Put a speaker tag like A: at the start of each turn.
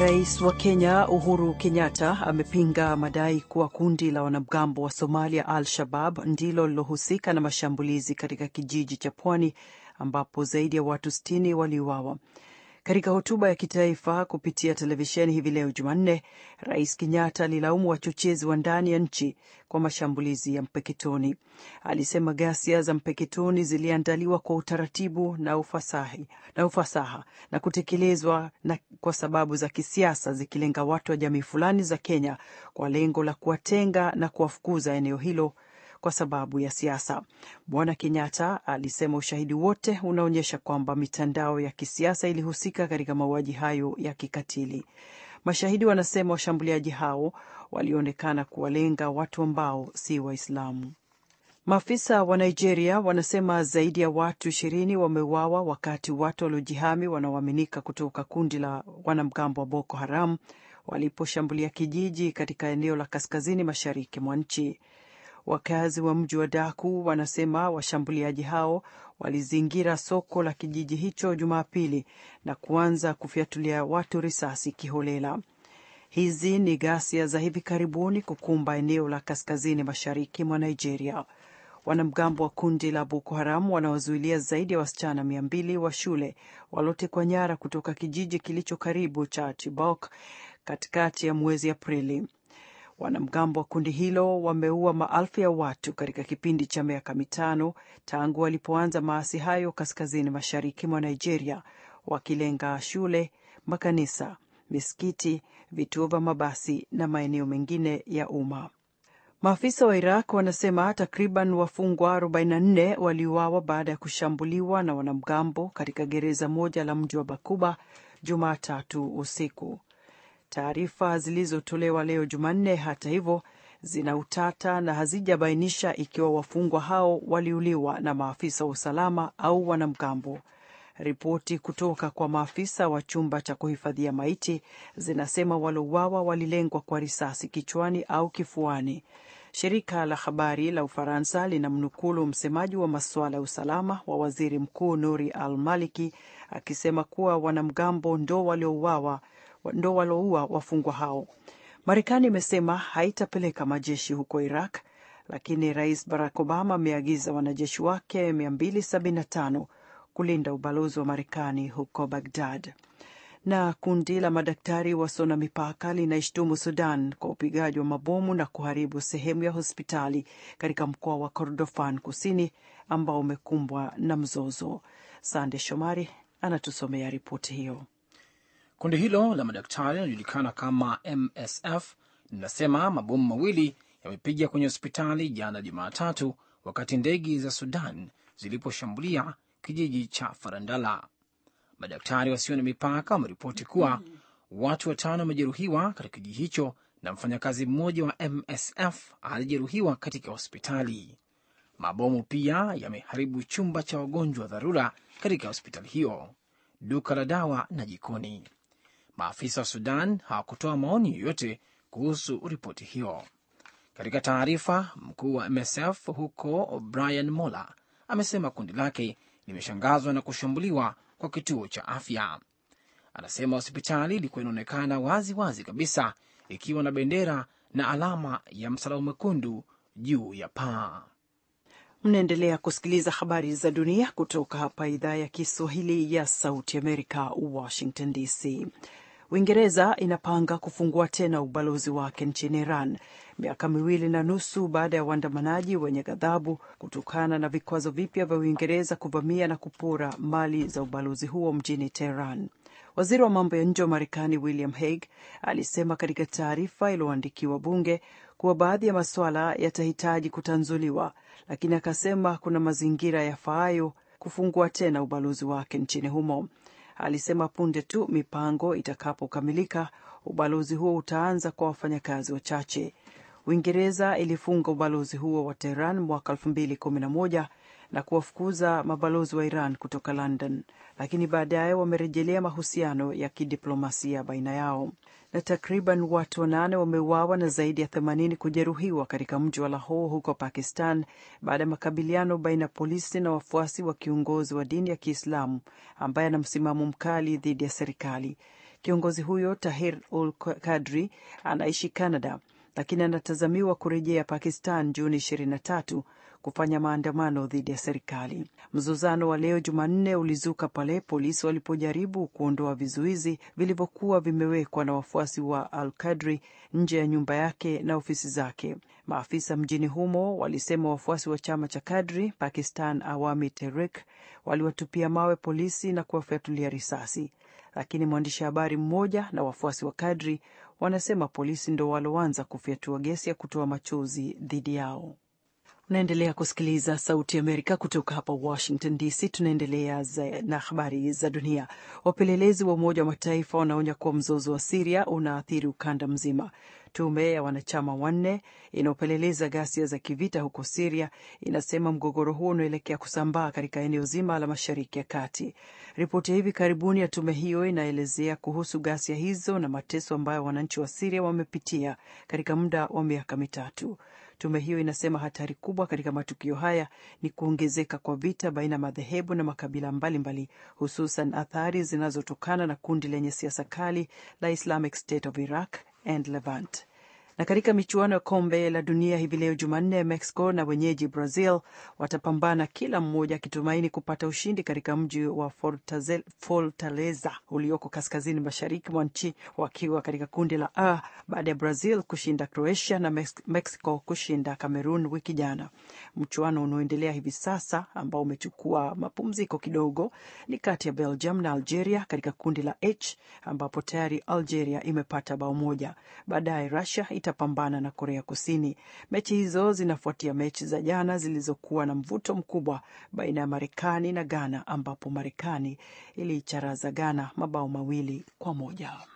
A: Rais wa Kenya Uhuru Kenyatta amepinga madai kuwa kundi la wanamgambo wa Somalia Al-Shabab ndilo lilohusika na mashambulizi katika kijiji cha Pwani ambapo zaidi ya watu 60 waliuawa. Katika hotuba ya kitaifa kupitia televisheni hivi leo Jumanne, Rais Kenyatta alilaumu wachochezi wa ndani ya nchi kwa mashambulizi ya Mpeketoni. Alisema ghasia za Mpeketoni ziliandaliwa kwa utaratibu na ufasahi, na ufasaha na kutekelezwa na kwa sababu za kisiasa zikilenga watu wa jamii fulani za Kenya kwa lengo la kuwatenga na kuwafukuza eneo hilo kwa sababu ya siasa. Bwana Kenyatta alisema ushahidi wote unaonyesha kwamba mitandao ya kisiasa ilihusika katika mauaji hayo ya kikatili. Mashahidi wanasema washambuliaji hao walionekana kuwalenga watu ambao si Waislamu. Maafisa wa Nigeria wanasema zaidi ya watu ishirini wameuawa wakati watu waliojihami wanaoaminika kutoka kundi la wanamgambo wa Boko Haram waliposhambulia kijiji katika eneo la kaskazini mashariki mwa nchi. Wakazi wa mji wa Daku wanasema washambuliaji hao walizingira soko la kijiji hicho Jumapili na kuanza kufyatulia watu risasi kiholela. Hizi ni ghasia za hivi karibuni kukumba eneo la kaskazini mashariki mwa Nigeria. Wanamgambo wa kundi la Boko Haram wanawazuilia zaidi ya wasichana mia mbili wa shule walotekwa nyara kutoka kijiji kilicho karibu cha Chibok katikati ya mwezi Aprili. Wanamgambo wa kundi hilo wameua maelfu ya watu katika kipindi cha miaka mitano tangu walipoanza maasi hayo kaskazini mashariki mwa Nigeria, wakilenga shule, makanisa, misikiti, vituo vya mabasi na maeneo mengine ya umma. Maafisa wa Iraq wanasema takriban wafungwa 44 waliuawa baada ya kushambuliwa na wanamgambo katika gereza moja la mji wa Bakuba Jumatatu usiku. Taarifa zilizotolewa leo Jumanne, hata hivyo, zina utata na hazijabainisha ikiwa wafungwa hao waliuliwa na maafisa wa usalama au wanamgambo. Ripoti kutoka kwa maafisa wa chumba cha kuhifadhia maiti zinasema waliouawa walilengwa kwa risasi kichwani au kifuani. Shirika la habari la Ufaransa linamnukulu msemaji wa masuala ya usalama wa waziri mkuu Nuri al Maliki akisema kuwa wanamgambo ndo waliouawa ndo waloua wafungwa hao. Marekani imesema haitapeleka majeshi huko Iraq, lakini Rais Barack Obama ameagiza wanajeshi wake 275 kulinda ubalozi wa Marekani huko Bagdad. Na kundi la madaktari wasio na mipaka linaishtumu Sudan kwa upigaji wa mabomu na kuharibu sehemu ya hospitali katika mkoa wa Kordofan Kusini ambao umekumbwa na mzozo. Sande Shomari anatusomea ripoti hiyo.
B: Kundi hilo la madaktari linajulikana kama MSF linasema mabomu mawili yamepiga kwenye hospitali jana Jumatatu wakati ndege za Sudan ziliposhambulia kijiji cha Farandala. Madaktari wasio na mipaka wameripoti kuwa watu watano wamejeruhiwa katika kijiji hicho na mfanyakazi mmoja wa MSF alijeruhiwa katika hospitali. Mabomu pia yameharibu chumba cha wagonjwa wa dharura katika hospitali hiyo, duka la dawa na jikoni. Maafisa wa Sudan hawakutoa maoni yoyote kuhusu ripoti hiyo. Katika taarifa, mkuu wa MSF huko Brian Mola amesema kundi lake limeshangazwa na kushambuliwa kwa kituo cha afya. Anasema hospitali ilikuwa inaonekana wazi wazi kabisa ikiwa na bendera na alama ya msalaba mwekundu juu ya paa.
A: Mnaendelea kusikiliza habari za dunia kutoka hapa idhaa ya Kiswahili ya Sauti Amerika, Washington DC. Uingereza inapanga kufungua tena ubalozi wake nchini Iran miaka miwili na nusu baada ya waandamanaji wenye ghadhabu kutokana na vikwazo vipya vya Uingereza kuvamia na kupora mali za ubalozi huo mjini Teheran. Waziri wa mambo ya nje wa Marekani William Hague alisema katika taarifa iliyoandikiwa bunge kuwa baadhi ya masuala yatahitaji kutanzuliwa, lakini akasema kuna mazingira yafaayo kufungua tena ubalozi wake nchini humo alisema punde tu mipango itakapokamilika ubalozi huo utaanza kwa wafanyakazi wachache. Uingereza ilifunga ubalozi huo wa Tehran mwaka 2011 na kuwafukuza mabalozi wa Iran kutoka London, lakini baadaye wamerejelea mahusiano ya kidiplomasia baina yao na takriban watu wanane wameuawa na zaidi ya 80 kujeruhiwa katika mji wa Lahore huko Pakistan baada ya makabiliano baina ya polisi na wafuasi wa kiongozi wa dini ya Kiislamu ambaye ana msimamo mkali dhidi ya serikali. Kiongozi huyo Tahir ul Kadri anaishi Canada lakini anatazamiwa kurejea Pakistan Juni 23 kufanya maandamano dhidi ya serikali. Mzozano wa leo Jumanne ulizuka pale polisi walipojaribu kuondoa vizuizi vilivyokuwa vimewekwa na wafuasi wa Al-Kadri nje ya nyumba yake na ofisi zake. Maafisa mjini humo walisema wafuasi wa chama cha Kadri Pakistan Awami terik waliwatupia mawe polisi na kuwafyatulia risasi lakini mwandishi habari mmoja na wafuasi wa kadri wanasema polisi ndo waloanza kufyatua gesi ya kutoa machozi dhidi yao. Unaendelea kusikiliza Sauti Amerika kutoka hapa Washington DC. Tunaendelea na habari za dunia. Wapelelezi wa Umoja wa Mataifa wanaonya kuwa mzozo wa Siria unaathiri ukanda mzima. Tume ya wanachama wanne inayopeleleza ghasia za kivita huko Siria inasema mgogoro huo unaelekea kusambaa katika eneo zima la Mashariki ya Kati. Ripoti ya hivi karibuni ya tume hiyo inaelezea kuhusu ghasia hizo na mateso ambayo wananchi wa Siria wamepitia katika muda wa miaka mitatu. Tume hiyo inasema hatari kubwa katika matukio haya ni kuongezeka kwa vita baina ya madhehebu na makabila mbalimbali, hususan athari zinazotokana na kundi lenye siasa kali la Islamic State of Iraq and Levant. Na katika michuano ya kombe la dunia hivi leo Jumanne, Mexico na wenyeji Brazil watapambana, kila mmoja akitumaini kupata ushindi katika mji wa Fortaleza ulioko kaskazini mashariki mwa nchi, wakiwa katika kundi la A baada ya Brazil kushinda Croatia na Mexico kushinda Cameroon wiki jana. Mchuano unaoendelea hivi sasa ambao umechukua mapumziko kidogo ni kati ya Belgium na Algeria katika kundi la H ambapo tayari Algeria imepata bao moja. Baadaye Russia itapambana na Korea Kusini. Mechi hizo zinafuatia mechi za jana zilizokuwa na mvuto mkubwa baina ya Marekani na Ghana ambapo Marekani iliicharaza Ghana mabao mawili kwa moja.